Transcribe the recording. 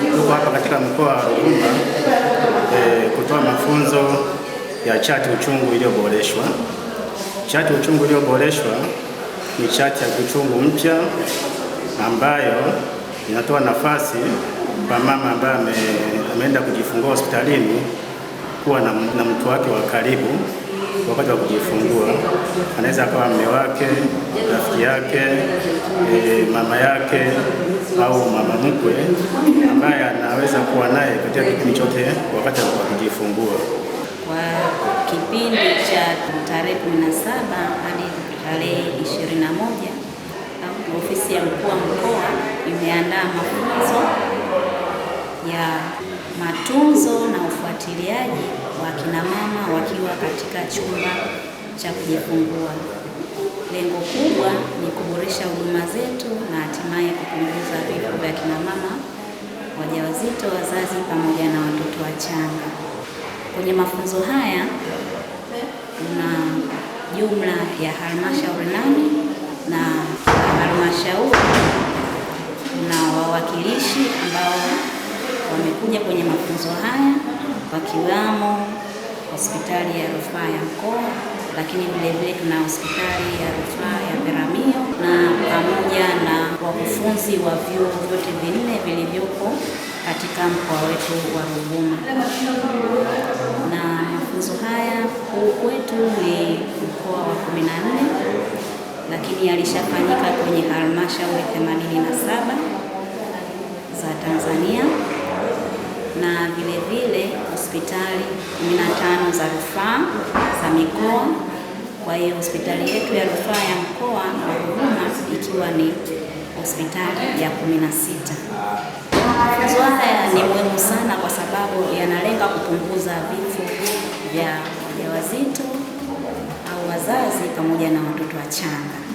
tuko hapa katika mkoa wa Ruvuma e, kutoa mafunzo ya chati uchungu iliyoboreshwa. Chati uchungu iliyoboreshwa ni chati ya kichungu mpya ambayo inatoa nafasi kwa mama ambaye ameenda kujifungua hospitalini kuwa na, na mtu wake wa karibu wakati wa kujifungua. Anaweza akawa mume wake, rafiki yake, e, mama yake au mama mkwe ambaye anaweza kuwa naye katika kipindi chote wakati kujifungua. Kwa kipindi cha tarehe 17 hadi tarehe 21 ofisi ya mkuu wa mkoa imeandaa mafunzo ya matunzo na ufuatiliaji wa mama wakiwa katika chumba cha kujifungua. Lengo kubwa ni kuboresha huduma zetu na hatimaye ya kupunguza vifo vya kina mama wajawazito, wazazi pamoja na watoto wachanga. Kwenye mafunzo haya kuna jumla ya halmashauri nane na halmashauri na wawakilishi ambao wamekuja kwenye mafunzo haya wakiwamo hospitali ya rufaa ya mkoa, lakini vilevile tuna hospitali ya rufaa ya Peramiho na wanafunzi wa vyuo vyote vinne vilivyopo katika mkoa wetu wa Ruvuma, na mafunzo haya kwetu ni mkoa wa 14 lakini yalishafanyika kwenye halmashauri 87 za Tanzania na vilevile hospitali 15 za rufaa za mikoa. Kwa hiyo hospitali yetu ya rufaa ya mkoa wa Ruvuma ikiwa ni hospitali ya kumi na sita. Mafunzo haya ni muhimu sana kwa sababu yanalenga kupunguza vifo vya wajawazito au wazazi pamoja na watoto wachanga.